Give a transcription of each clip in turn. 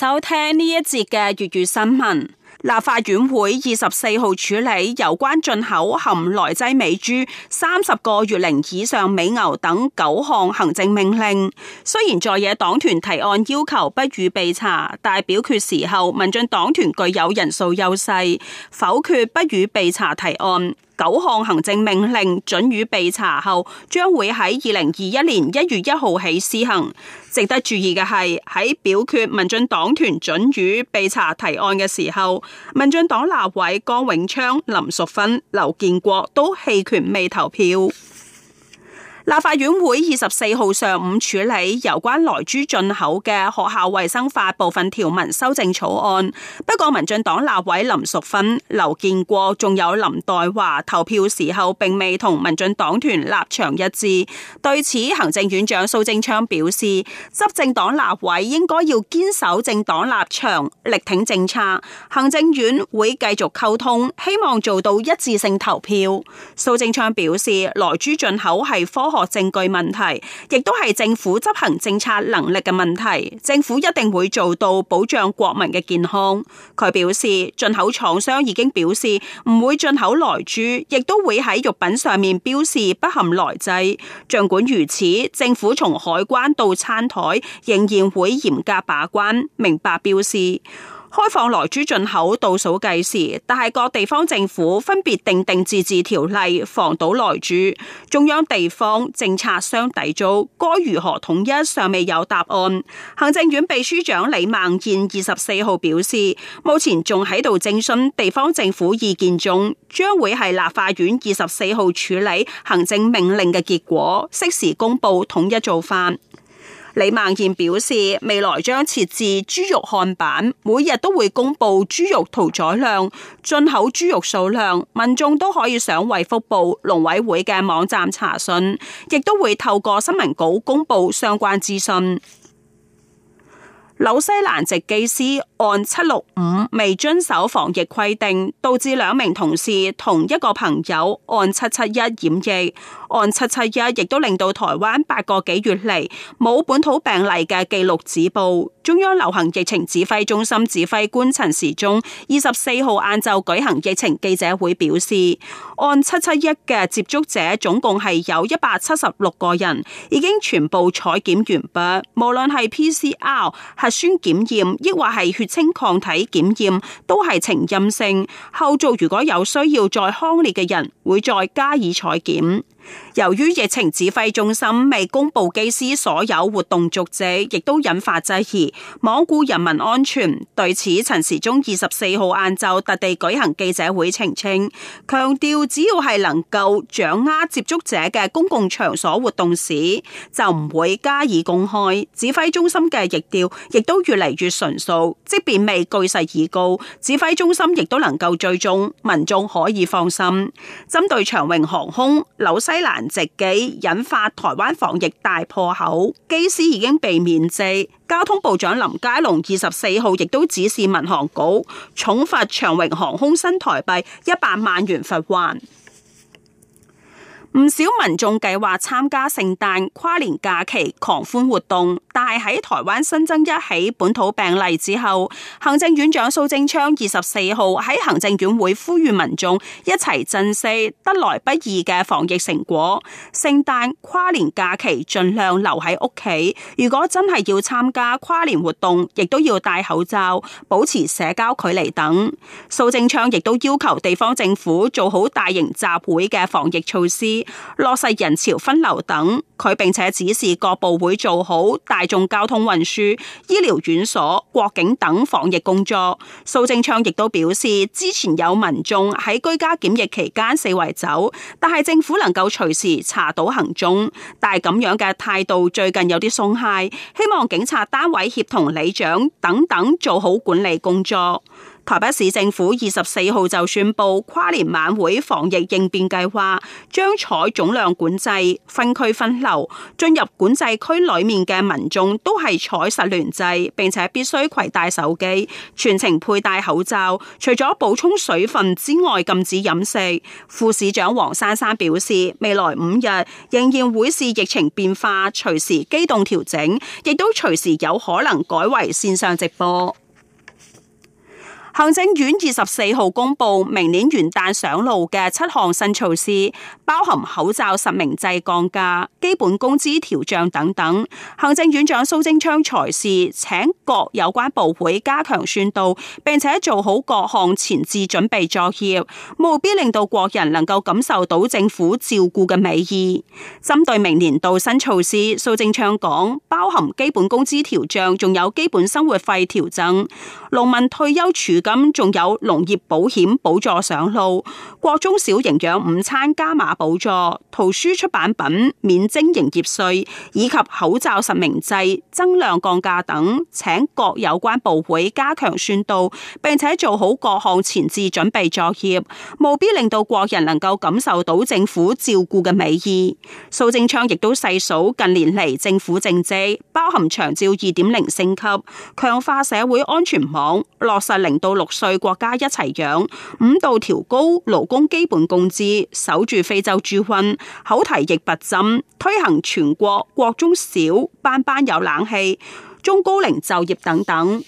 收聽呢一節嘅粵語新聞。立法院會二十四號處理有關進口含萊劑美豬、三十個月齡以上美牛等九項行政命令。雖然在野黨團提案要求不予備查，但表決時候民進黨團具有人數優勢，否決不予備查提案。九項行政命令準予備查後，將會喺二零二一年一月一號起施行。值得注意嘅係，喺表決民進黨團準予備查提案嘅時候，民進黨立委江永昌、林淑芬、劉建國都棄權未投票。立法院會二十四號上午處理有關萊豬進口嘅學校衛生法部分條文修正草案，不過民進黨立委林淑芬、劉建國仲有林黛華投票時候，並未同民進黨團立場一致。對此，行政院長蘇貞昌表示，執政黨立委應該要堅守政黨立場，力挺政策。行政院會繼續溝通，希望做到一致性投票。蘇貞昌表示，萊豬進口係科。學證據問題，亦都係政府執行政策能力嘅問題。政府一定會做到保障國民嘅健康。佢表示，進口廠商已經表示唔會進口萊豬，亦都會喺肉品上面標示不含萊劑。儘管如此，政府從海關到餐台仍然會嚴格把關。明白標示。開放萊豬進口，倒數計時，但係各地方政府分別訂定自治條例防堵萊豬，中央地方政策相抵觸，該如何統一尚未有答案。行政院秘書長李孟諺二十四號表示，目前仲喺度徵詢地方政府意見中，將會係立法院二十四號處理行政命令嘅結果，適時公布統一做法。李孟諺表示，未來將設置豬肉看板，每日都會公布豬肉屠宰量、進口豬肉數量，民眾都可以上衛福部、農委會嘅網站查詢，亦都會透過新聞稿公布相關資訊。紐西蘭籍機師案七六五未遵守防疫規定，導致兩名同事同一個朋友案七七一染疫，案七七一亦都令到台灣八個幾月嚟冇本土病例嘅記錄止步。中央流行疫情指揮中心指揮官陳時中二十四號晏晝舉行疫情記者會表示，案七七一嘅接觸者，總共係有一百七十六個人已經全部採檢完畢，無論係 PCR 核酸檢驗，抑或係血清抗體檢驗，都係呈陰性。後續如果有需要再匡列嘅人，會再加以採檢。由於疫情指揮中心未公布機師所有活動足跡亦都引發質疑，罔顧人民安全。對此，陳時中二十四號晏晝特地舉行記者會澄清，強調只要係能夠掌握接觸者嘅公共場所活動史，就唔會加以公開。指揮中心嘅疫調亦都越嚟越純素，即便未據實以告，指揮中心亦都能夠追蹤，民眾可以放心。針對長榮航空、紐西蘭籍機引發台灣防疫大破口，機師已經被免職。交通部長林佳龍二十四號亦都指示民航局重罰長榮航空新台幣一百萬元罰鍰。唔少民眾計劃參加聖誕跨年假期狂歡活動，但係喺台灣新增一起本土病例之後，行政院長蘇貞昌二十四號喺行政院會呼籲民眾一齊珍惜得來不易嘅防疫成果。聖誕跨年假期盡量留喺屋企，如果真係要參加跨年活動，亦都要戴口罩、保持社交距離等。蘇貞昌亦都要求地方政府做好大型集會嘅防疫措施。落實人潮分流等，佢並且指示各部會做好大眾交通運輸、醫療院所、國境等防疫工作。蘇貞昌亦都表示，之前有民眾喺居家檢疫期間四圍走，但係政府能夠隨時查到行蹤，但係咁樣嘅態度最近有啲鬆懈，希望警察單位協同里長等等做好管理工作。台北市政府二十四號就宣布跨年晚會防疫應變計劃，將採總量管制、分區分流。進入管制區裏面嘅民眾都係採實聯制，並且必須攜帶手機、全程佩戴口罩，除咗補充水分之外，禁止飲食。副市長黃珊珊表示，未來五日仍然會視疫情變化，隨時機動調整，亦都隨時有可能改為線上直播。行政院二十四號公布明年元旦上路嘅七項新措施，包含口罩實名制降價、基本工資調漲等等。行政院長蘇貞昌裁示請各有關部會加強宣導，並且做好各項前置準備作業，務必令到國人能夠感受到政府照顧嘅美意。針對明年度新措施，蘇貞昌講，包含基本工資調漲，仲有基本生活費調增，農民退休儲。今仲有農業保險補助上路，國中小營養午餐加碼補助，圖書出版品免徵營業稅，以及口罩實名制增量降價等，請各有關部會加強宣導，並且做好各項前置準備作業，務必令到國人能夠感受到政府照顧嘅美意。蘇貞昌亦都細數近年嚟政府政績，包含長照二點零升級，強化社會安全網，落實零度。到六歲國家一齊養，五度調高勞工基本工資，守住非洲豬瘟，口蹄疫拔針，推行全國國中小班班有冷氣，中高齡就業等等。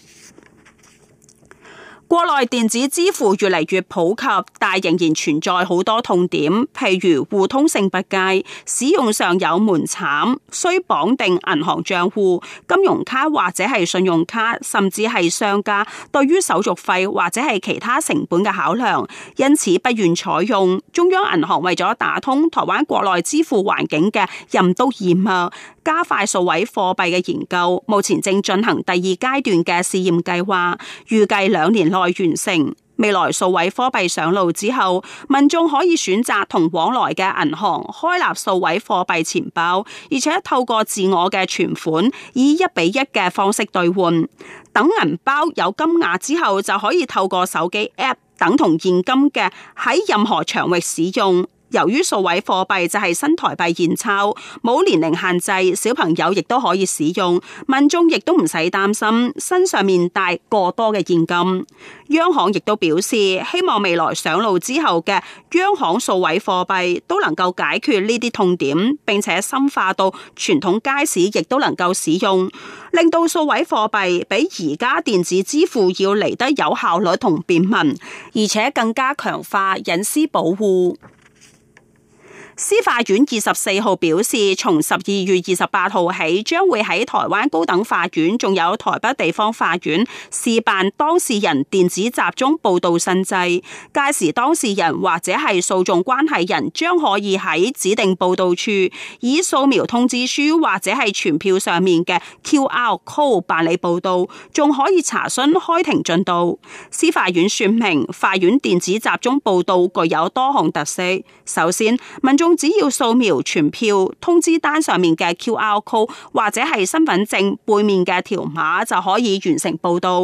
國內電子支付越嚟越普及，但仍然存在好多痛點，譬如互通性不佳、使用上有門檻、需綁定銀行賬戶、金融卡或者係信用卡，甚至係商家對於手續費或者係其他成本嘅考量，因此不願採用。中央銀行為咗打通台灣國內支付環境嘅任督二脈。加快數位貨幣嘅研究，目前正進行第二階段嘅試驗計劃，預計兩年內完成。未來數位貨幣上路之後，民眾可以選擇同往來嘅銀行開立數位貨幣錢包，而且透過自我嘅存款以一比一嘅方式兌換。等銀包有金額之後，就可以透過手機 App 等同現金嘅喺任何場域使用。由於數位貨幣就係新台幣現鈔，冇年齡限制，小朋友亦都可以使用，民眾亦都唔使擔心身上面帶過多嘅現金。央行亦都表示，希望未來上路之後嘅央行數位貨幣都能夠解決呢啲痛點，並且深化到傳統街市亦都能夠使用，令到數位貨幣比而家電子支付要嚟得有效率同便民，而且更加強化隱私保護。司法院二十四號表示，從十二月二十八號起，將會喺台灣高等法院仲有，台北地方法院試辦當事人電子集中報到新制，屆時當事人或者係訴訟關係人，將可以喺指定報到處以掃描通知書或者係傳票上面嘅 QR Code 辦理報到，仲可以查詢開庭進度。司法院說明，法院電子集中報到具有多項特色，首先問。仲只要掃描傳票通知單上面嘅 QR code 或者係身份證背面嘅條碼就可以完成報到，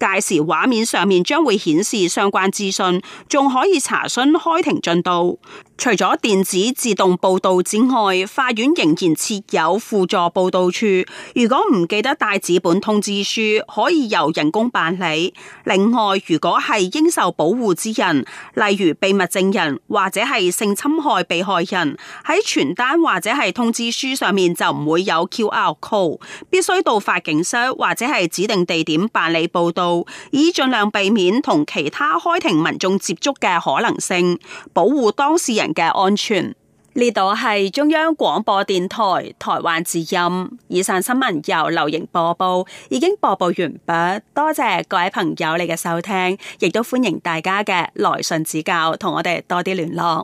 屆時畫面上面將會顯示相關資訊，仲可以查詢開庭進度。除咗電子自動報到之外，法院仍然設有輔助報到處。如果唔記得帶紙本通知書，可以由人工辦理。另外，如果係應受保護之人，例如秘密證人或者係性侵害被害，外人喺傳單或者係通知書上面就唔會有 QR code，必須到法警室或者係指定地點辦理報到，以盡量避免同其他開庭民眾接觸嘅可能性，保護當事人嘅安全。呢度係中央廣播電台台灣之音，以上新聞由劉瑩播報，已經播報完畢。多謝各位朋友你嘅收聽，亦都歡迎大家嘅來信指教，同我哋多啲聯絡。